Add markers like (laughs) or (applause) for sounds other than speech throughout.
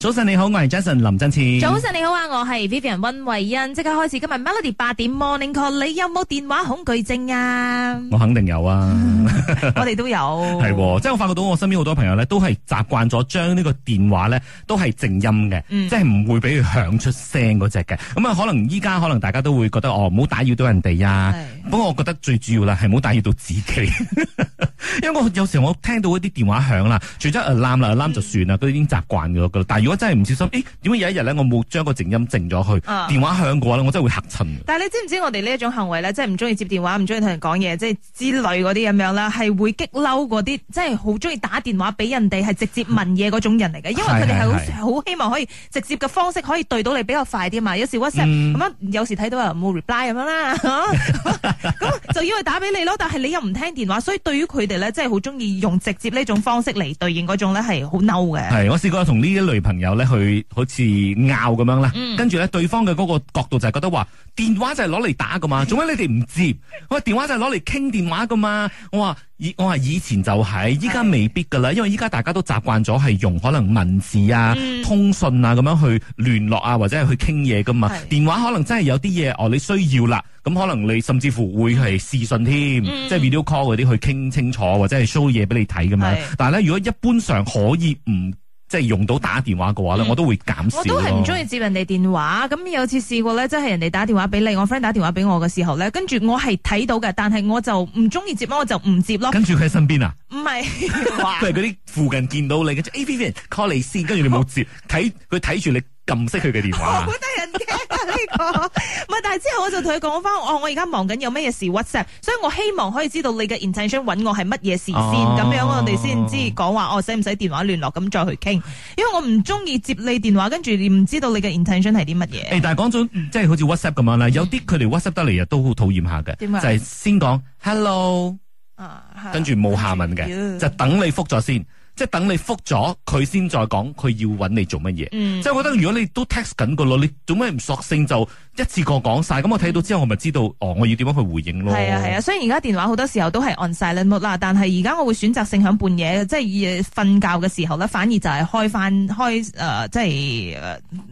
早晨你好，我係 Jason 林振次。早晨你好啊，我係 Vivian 溫慧欣。即刻開始今日 Melody 八點 Morning Call，你有冇電話恐懼症啊？我肯定有啊， (laughs) (laughs) 我哋都有係，即係我發覺到我身邊好多朋友咧，都係習慣咗將呢個電話咧都係靜音嘅、嗯，即係唔會俾佢響出聲嗰隻嘅。咁啊，可能依家可能大家都會覺得哦，唔好打擾到人哋啊。不過我覺得最主要啦，係唔好打擾到自己， (laughs) 因為我有時候我聽到一啲電話響啦，除咗啊、嗯，alarm 啦，alarm 就算啦，佢已經習慣噶啦，如果真係唔小心，誒、欸，點解有一日咧，我冇將個靜音靜咗去、啊，電話響嘅話呢，我真係會嚇親。但係你知唔知我哋呢一種行為咧，即係唔中意接電話，唔中意同人講嘢，即係之類嗰啲咁樣啦，係會激嬲嗰啲，即係好中意打電話俾人哋，係直接問嘢嗰種人嚟嘅。因為佢哋係好，希望可以直接嘅方式可以對到你比較快啲嘛。有時 WhatsApp 咁、嗯、樣，有時睇到人冇 reply 咁樣啦，咁 (laughs) 就以為打俾你咯。但係你又唔聽電話，所以對於佢哋咧，即係好中意用直接呢種方式嚟對應嗰種咧，係好嬲嘅。係，我試過同呢一類朋。然後咧，去好似拗咁樣啦，跟住咧，對方嘅嗰個角度就係覺得話，電話就係攞嚟打噶嘛，做咩你哋唔接？ (laughs) 我話電話就係攞嚟傾電話噶嘛。我話以我話以前就係、是，依家未必噶啦，因為依家大家都習慣咗係用可能文字啊、嗯、通訊啊咁樣去聯絡啊，或者係去傾嘢噶嘛。電話可能真係有啲嘢哦，你需要啦，咁可能你甚至乎會係視訊添、啊嗯，即係 video call 嗰啲去傾清楚，或者係 show 嘢俾你睇咁樣。但係咧，如果一般上可以唔？即係用到打電話嘅話咧，嗯，我都會減少。我都係唔中意接人哋電話。咁有次試過咧，即係人哋打電話俾你，我 friend 打電話俾我嘅時候咧，跟住我係睇到嘅，但係我就唔中意接，我就唔接咯。跟住佢喺身邊啊？唔係，佢係嗰啲附近見到你嘅 A P P call 嚟先。跟住你冇接，睇佢睇住你撳熄佢嘅電話。好得人驚啊呢個！ (laughs) 但係之後我就同佢講翻，我我而家忙緊，有咩嘢事 WhatsApp，所以我希望可以知道你嘅 intention 搵我係乜嘢事先，哦，咁樣我哋先知講話我使唔使電話聯絡，咁再去傾，因為我唔中意接你電話，跟住你唔知道你嘅 intention 係啲乜嘢。誒、哎，但係講咗，即係好似 WhatsApp 咁樣咧，有啲佢哋 WhatsApp 得嚟都好討厭下嘅，就係先講 Hello，跟住冇下文嘅，就等你覆咗先。即係等你覆咗佢先，再講佢要揾你做乜嘢。即係我覺得如果你都 text 緊個咯，你做咩唔索性就一次過講晒？咁、嗯、我睇到之後，我咪知道哦，我要點樣去回應咯。係啊係啊，雖然而家電話好多時候都係按晒啦。但係而家我會選擇性響半夜，即係瞓覺嘅時候咧，反而就係開翻開誒、呃，即係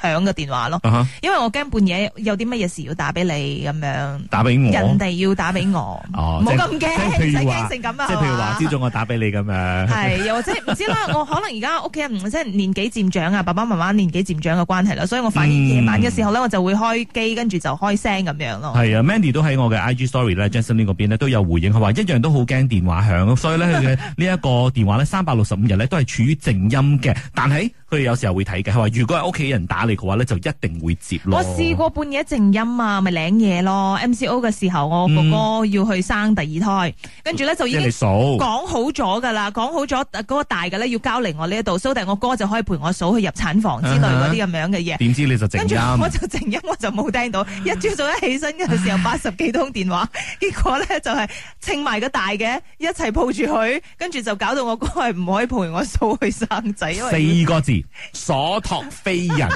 響個電話咯。Uh-huh. 因為我驚半夜有啲乜嘢事要打俾你咁樣，打俾我，人哋要打俾我。冇咁驚，唔使驚成咁啊。即係譬如話朝早我打俾你咁樣，係，又或者。 (laughs) 唔知啦，我可能而家屋企人唔即係年紀漸長啊，爸爸媽媽年紀漸長嘅關係啦，所以我發現夜晚嘅時候咧，我就會開機跟住、嗯、就開聲咁樣咯。係啊，Mandy 都喺我嘅 IG Story 咧 Jasmine 嗰邊咧都有回應，佢話一樣都好驚電話響，所以咧佢嘅呢一個電話咧三百六十五日咧都係處於靜音嘅，但係。佢哋有時候會睇嘅，係話如果係屋企人打嚟嘅話咧，就一定會接咯。我試過半夜靜音啊，咪領嘢咯。MCO 嘅時候，我哥哥要去生第二胎，嗯、跟住咧就已經講好咗噶啦，講好咗嗰個大嘅咧要交嚟我呢一度，所以我哥就可以陪我嫂去入產房之類嗰啲咁樣嘅嘢。點知你就靜音，音？跟住我就靜音，我就冇聽到。一朝早一起身嘅時候，八十幾通電話，結果咧就係清埋個大嘅一齊抱住佢，跟住就搞到我哥係唔可以陪我嫂去生仔，因為四個字。所託非人，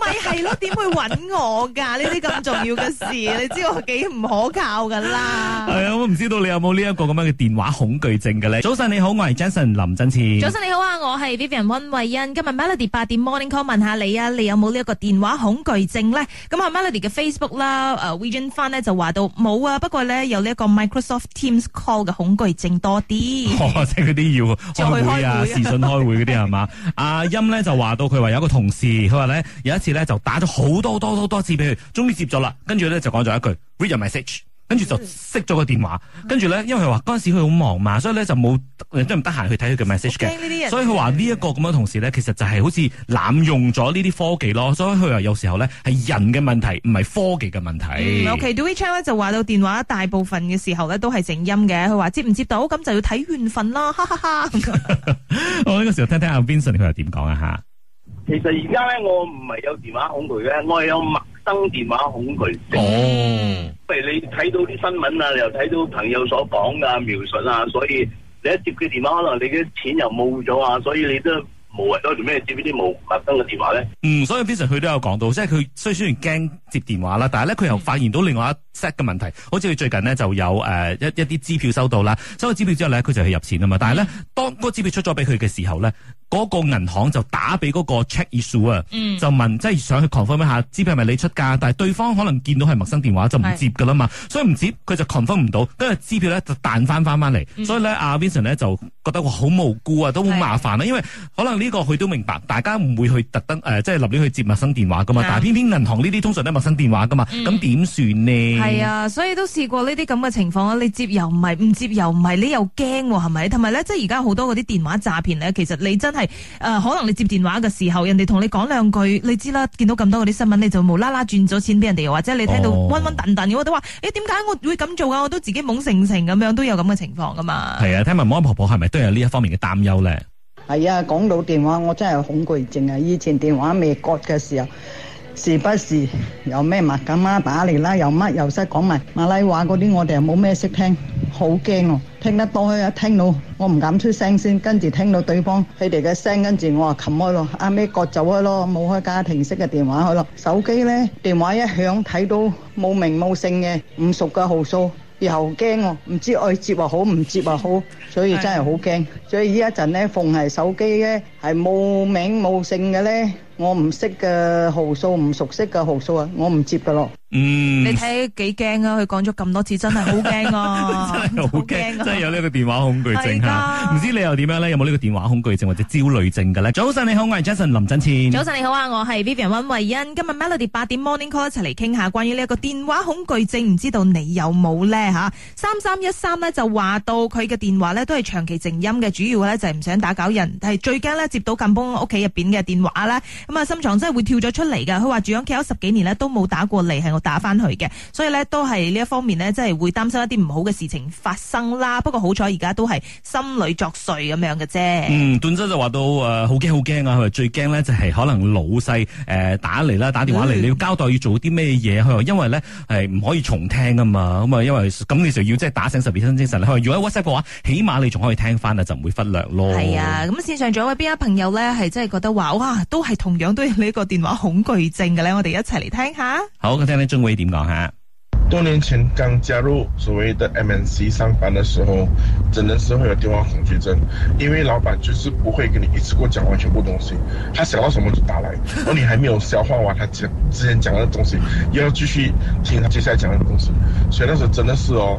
咪係咯？點會揾我噶？呢啲咁重要嘅事，你知我幾唔可靠噶啦？係啊，哎，我唔知道你有冇呢一個咁樣嘅電話恐懼症嘅咧。早晨你好，我係 Jason 林振次。早晨你好啊，我係 Vivian 溫慧欣。今日 Melody 八點 Morning Call 問下你啊，你有冇呢一個電話恐懼症咧？咁啊，Melody 嘅 Facebook 啦，誒，WeChat 翻咧就話到冇啊，不過咧有呢一個 Microsoft Teams call 嘅恐懼症多啲。哦，即係嗰啲要開會啊，視訊開會嗰啲係嘛？啊。 (laughs) 音咧就話到佢話有一個同事，佢話咧有一次咧就打咗好多多多多次俾佢，終於接咗啦，跟住咧就講咗一句 read your message。跟住就熄咗個電話，跟住咧，因為佢話嗰陣時佢好忙嘛，所以咧就冇得唔得閒去睇佢嘅 message 嘅，所以佢話呢一個咁樣同事咧，其實就係好似濫用咗呢啲科技咯，所以佢話有時候咧係人嘅問題，唔係科技嘅問題。嗯，OK，Do We Chat 咧就話到電話大部分嘅時候咧都係靜音嘅，佢話接唔接到咁就要睇緣分啦，哈哈哈，哈。 (laughs) (laughs) 我呢個時候聽聽阿 Vincent 佢又點講啊吓？其實而家咧我唔係有電話恐懼嘅，我有登電話恐懼哦，因為你睇到啲新聞啊，又睇到朋友所講啊、描述啊，所以你一接佢電話，可能你嘅錢又冇咗啊，所以你都無謂多條咩接呢啲冇陌生嘅電話咧。嗯，所以經常佢都有講到，即係佢雖雖然驚接電話啦，但係咧佢又發現到另外一嘅問題，好似佢最近呢，就有誒、呃、一一啲支票收到啦，收到支票之後咧佢就去入錢啊嘛，嗯、但係咧當個支票出咗俾佢嘅時候咧，嗰、那個銀行就打俾嗰個 check issuer 啊、嗯，就問即係、就是、想去 confirm 一下，支票係咪你出噶？但係對方可能見到係陌生電話就唔接噶啦嘛，所以唔接佢就 confirm 唔到，跟住支票咧就彈翻翻翻嚟，所以咧阿 Vincent 咧就覺得好無辜啊，都好麻煩啊，因為可能呢個佢都明白，大家唔會去特登誒即係立亂去接陌生電話噶嘛，但係偏偏銀行呢啲通常都係陌生電話噶嘛，咁點算呢？係啊，所以都試過呢啲咁嘅情況啊，你接又唔係，唔接又唔係，你又驚係咪？同埋咧，即係而家好多嗰啲電話詐騙咧，其實你真係誒、呃，可能你接電話嘅時候，人哋同你講兩句，你知啦，見到咁多嗰啲新聞，你就無啦啦轉咗錢俾人哋，或者你聽到暈暈頓頓，我都話誒，點、欸、解我會咁做啊？我都自己懵成成咁樣，都有咁嘅情況噶嘛。係啊，聽聞阿婆婆係咪都有呢一方面嘅擔憂咧？係啊，講到電話，我真係恐懼症啊！以前電話未割嘅時候。時不時有咩墨咁媽打嚟啦，又乜又識講埋馬拉話嗰啲，我哋又冇咩識聽，好驚哦！聽得多一聽到我唔敢出聲先，跟住聽到對方佢哋嘅聲，跟住我話冚開咯，啱尾割走開咯，冇開家庭式嘅電話去咯。手機咧，電話一響睇到冇名冇姓嘅唔熟嘅號數，又驚哦，唔知愛、哎、接話好唔接話好，所以真係好驚。所以呢一陣咧，逢係手機咧係冇名冇姓嘅咧。我唔識嘅號數，唔熟悉嘅號數啊，我唔接㗎咯。嗯，你睇幾驚啊！佢講咗咁多次，真係好驚啊！真係好驚，真係有呢個電話恐懼症啊！唔知你又點樣咧？有冇呢個電話恐懼症或者焦慮症㗎咧？早晨你好，我係 Jason 林振千。早晨你好啊，我係 Vivian 温慧欣。今日 Melody 八點 Morning Call 一齊嚟傾下關於呢一個電話恐懼症，唔知道你有冇咧吓？三三一三咧就話到佢嘅電話咧都係長期靜音嘅，主要咧就係唔想打攪人，但係最驚咧接到甘榜屋企入邊嘅電話啦。咁啊心臟真係會跳咗出嚟噶。佢話住屋企咗十幾年咧都冇打過嚟，係打翻去嘅，所以咧都係呢一方面呢，即、就、係、是、會擔心一啲唔好嘅事情發生啦。不過好彩而家都係心裏作祟咁樣嘅啫。嗯，段真就話到誒，好驚好驚啊！佢話最驚呢就係可能老細誒、呃、打嚟啦，打電話嚟，你要交代要做啲咩嘢。佢、嗯、話因為呢係唔可以重聽啊嘛，咁啊因為咁你就要即係打醒十二分精神啦。佢如果 WhatsApp 嘅話，起碼你仲可以聽翻啊，就唔會忽略咯。係啊，咁線上仲有位邊一朋友呢，係真係覺得話哇、啊，都係同樣都有呢個電話恐懼症嘅咧，我哋一齊嚟聽下。好，我聽你正規點講哈，多年前剛加入所謂的 MNC 上班的時候，真的是會有電話恐懼症，因為老闆就是不會跟你一次過講完全部東西，他想到什麼就打來，而你還沒有消化完，他講之前講的東西，又要繼續聽他接下來講的東西，所以那時候真的是哦。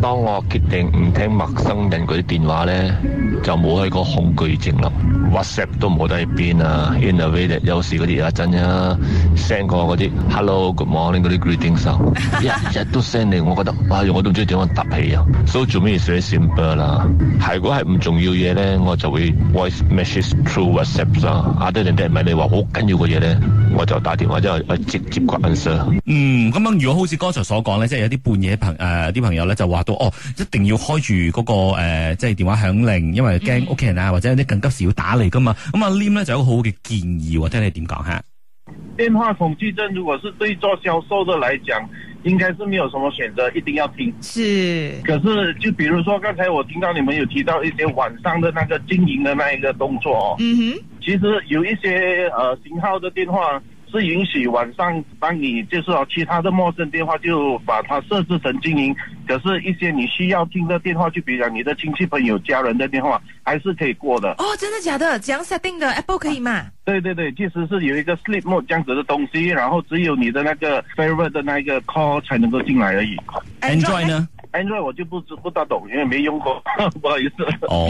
當我決定唔聽陌生人嗰啲電話咧，就冇喺個恐懼症啦。WhatsApp 都冇得喺邊啊，Innovative 有時嗰啲一陣啊 send 個嗰啲 hello good morning 嗰啲 greetings，一日都 send 嚟，我覺得哇，我都唔知點樣答起啊。So 做咩事都 simple 啦。係如果係唔重要嘢咧，我就會 voice message through WhatsApp 啦。Other than that，唔係你話好緊要嘅嘢咧，我就打電話，即係直接關 Sir。嗯，咁樣如果好似剛才所講咧，即係有啲半夜朋誒，啲朋友咧就話。哦，一定要開住嗰、那個誒、呃，即係電話響鈴，因為驚屋企人啊，或者有啲緊急事要打嚟噶嘛。咁、mm -hmm. 啊，Lim 咧就有個好好嘅建議，或者你點講吓？電話恐懼症，如果是對做銷售的來講，應該是沒有什麼選擇，一定要聽。是。可是就，比如說剛才我聽到你們有提到一些晚上的那個經營的那一個動作，嗯哼，其實有一些誒、呃、型號的電話。是允許晚上幫你，就是其他的陌生電話就把它設置成靜音。可是，一些你需要聽的電話，就比如講你的親戚朋友、家人的電話，還是可以過的。哦、oh，真的假的？這樣設定的 Apple 可以嗎？對對對，其實是有一個 sleep mode 這樣子的東西，然後只有你的那個 favorite 的那一個 call 才能夠進來而已。Android 呢？哎，因為我就不知不大懂，因為沒用過，不好意思。哦，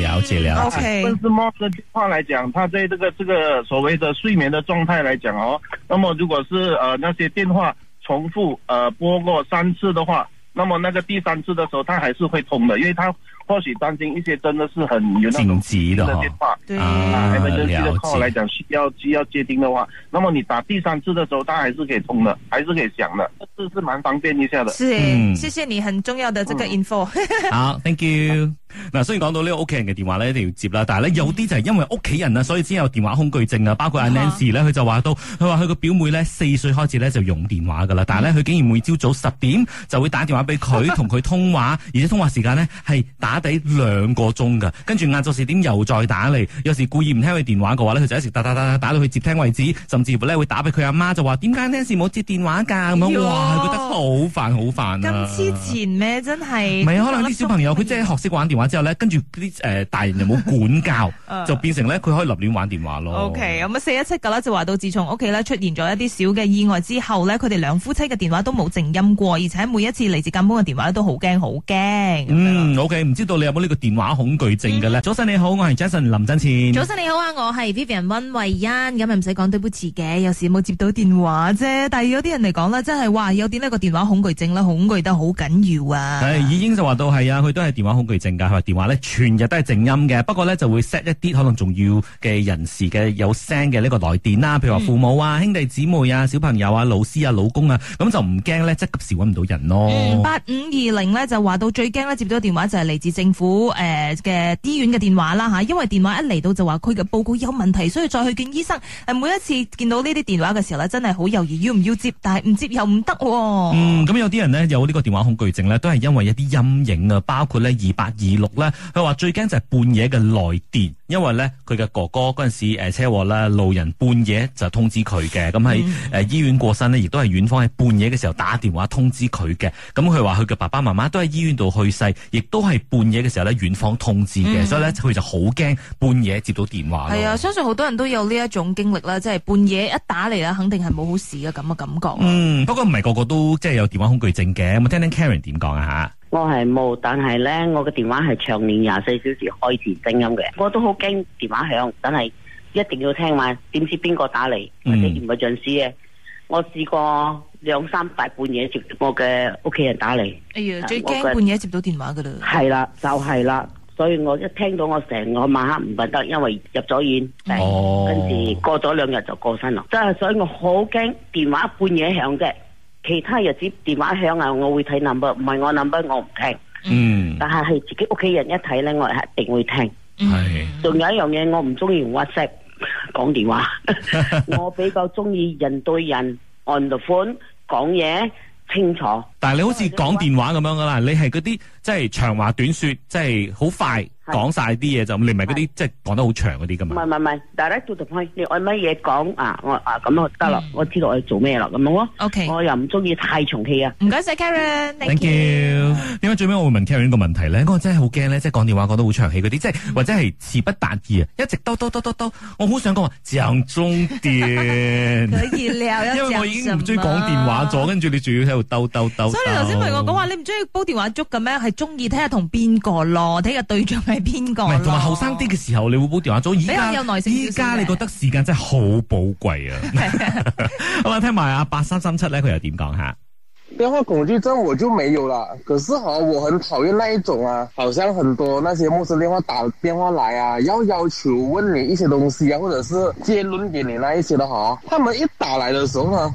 了解了解。Okay. 啊、但是，陌生電話來講，他在這個這個所謂的睡眠的狀態來講哦，那麼如果是呃那些電話重複呃撥過三次的話，那麼那個第三次的時候，他還是會通的，因為他或許擔心一些真的是很有緊急的這電話，對於打沒登記的號來講，需要需要接聽的話，那、啊、麼、啊啊啊、你打第三次的時候，他還是可以通的，還是可以響的，這次是蠻方便一下的。是、嗯，謝謝你很重要的這個 info。嗯、好，thank you。 (laughs) 嗱，雖然講到呢個屋企人嘅電話呢一定要接啦，但係呢，有啲就係因為屋企人啦，所以先有電話恐懼症啊。包括阿 Nancy 咧、哦啊，佢就話到，佢話佢個表妹呢，四歲開始呢就用電話噶啦，但係呢，佢竟然每朝早十點就會打電話俾佢，同佢通話， (laughs) 而且通話時間呢係打底兩個鐘噶，跟住晏晝時點又再打嚟，有時故意唔聽佢電話嘅話呢，佢就一直打打打打打、打、打、打到佢接聽為止，甚至乎呢會打俾佢阿媽，就話點解 Nancy 冇接電話噶咁樣，哇，佢覺得好煩好煩啊，咁黐纏咩，真係，唔係啊，可能啲小朋友佢真係學識玩電話。之後咧，跟住啲誒大人又冇管教， (laughs) 就變成咧佢可以立亂玩電話咯。O K，咁啊四一七噶啦，就話到自從屋企咧出現咗一啲小嘅意外之後咧，佢哋兩夫妻嘅電話都冇靜音過，而且每一次嚟自警方嘅電話都好驚好驚。嗯，O K，唔知道你有冇呢個電話恐懼症㗎咧、嗯？早晨你好，我係 Jason 林振前。早晨你好啊，我係 Vivian 溫慧欣，咁啊唔使講對不起嘅，有時冇接到電話啫。但係有啲人嚟講咧，真係話有啲呢個電話恐懼症啦，恐懼得好緊要啊。係，已經就話到係啊，佢都係電話恐懼症噶。電話咧，全日都係靜音嘅。不過咧，就會 set 一啲可能重要嘅人士嘅有聲嘅呢個來電啦。譬如話父母啊、嗯、兄弟姊妹啊、小朋友啊、老師啊、老公啊，咁就唔驚咧，即係即時搵唔到人咯。八五二零咧就話到最驚咧，接到電話就係嚟自政府誒嘅、呃、醫院嘅電話啦吓。因為電話一嚟到就話佢嘅報告有問題，所以再去見醫生。誒，每一次見到呢啲電話嘅時候咧，真係好猶豫要唔要接，但係唔接又唔得，啊。嗯，咁有啲人呢，有呢個電話恐懼症呢，都係因為一啲陰影啊，包括呢二八二。錄咧，佢話最驚就係半夜嘅來電，因為咧佢嘅哥哥嗰陣時誒車禍啦，路人半夜就通知佢嘅，咁喺誒醫院過身呢，亦都係院方喺半夜嘅時候打電話通知佢嘅，咁佢話佢嘅爸爸媽媽都喺醫院度去世，亦都係半夜嘅時候咧院方通知嘅。嗯，所以咧佢就好驚半夜接到電話。係啊，相信好多人都有呢一種經歷啦，即係半夜一打嚟啦，肯定係冇好事嘅咁嘅感覺。嗯，不過唔係個個都即係有電話恐懼症嘅，咁聽聽 Karen 點講啊吓？我係冇，但係咧，我嘅電話係長年廿四小時開始聲音嘅。我都好驚電話響，但係一定要聽話，點知邊個打嚟、嗯、或者點個上司嘅？我試過兩三大半夜接我嘅屋企人打嚟。哎呀，最驚半夜接到電話噶啦。係啦，就係、是、啦，所以我一聽到我成個晚黑唔瞓得，因為入咗院，跟住、哦、過咗兩日就過身啦。真係，所以我好驚電話半夜響嘅。其他日子電話響啊，我會睇 number，唔係我 number 我唔聽。嗯，但係係自己屋企人一睇咧，我係一定會聽。係。仲有一樣嘢，我唔中意 WhatsApp 講電話， (laughs) (laughs) 我比較中意人對人按到款講嘢清楚。但係你好似講電話咁樣噶啦，你係嗰啲即係長話短說，即係好快。講晒啲嘢就，你唔係嗰啲即係講得好長嗰啲噶嘛？唔係唔係唔係，但係咧到頭去，你有乜嘢講啊？我啊咁得啦，我知道我要做咩啦，咁咯。OK，我又唔中意太重氣啊。唔該晒 Karen，thank you。點解最尾我會問 Karen 個問題咧？我真係好驚咧，即係講電話講得好長氣嗰啲，即係或者係詞不達意啊，一直兜兜兜兜兜，我好想講話正中點。可以聊一，因為我已經唔中意講電話咗，跟住你仲要喺度兜兜兜。所以你頭先問我講話，你唔中意煲電話粥噶咩？係中意睇下同邊個咯，睇下對象係。邊個？同埋後生啲嘅時候，你會煲電話粥。依家，依家你覺得時間真係好寶貴啊！ (laughs) (laughs) (laughs) 好，咪聽埋阿八三三七咧，佢又點講吓？電話恐懼症我就沒有啦，可是好，我很討厭那一種啊，好像很多那些陌生電話打電話來啊，要要求問你一些東西啊，或者是接通點你那一些的哈，他們一打來的時候呢、啊？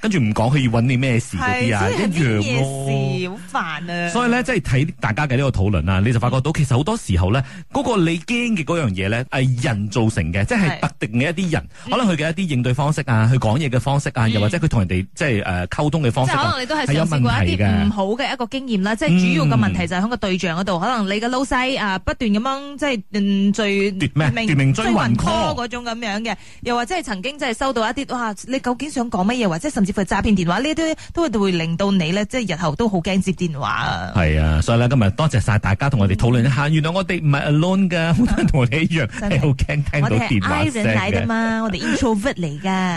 跟住唔講，佢要搵你咩事嗰啲啊？一樣事。好煩啊！所以咧，即係睇大家嘅呢個討論啊，你就發覺到、嗯、其實好多時候咧，嗰、那個你驚嘅嗰樣嘢咧，係人造成嘅、嗯，即係特定嘅一啲人，可能佢嘅一啲應對方式啊，佢講嘢嘅方式啊，又或者佢同人哋即係誒溝通嘅方式、啊，係、嗯、有問題啲唔、嗯、好嘅一個經驗啦，即係主要嘅問題就喺個對象嗰度，可能你嘅老細啊不斷咁樣即係最，追追咩追嗰種咁樣嘅，又或者係曾經即係收到一啲哇，你究竟想講乜嘢，或者甚接份詐騙電話，呢啲都會令到你咧，即係日後都好驚接電話啊！係啊，所以咧今日多謝晒大家同我哋討論一下。原來我哋唔係 alone 㗎，好、啊、多人同我哋一樣係好驚聽到電話聲嘅。我哋係 Iron 嚟㗎，我哋 introvert 嚟㗎。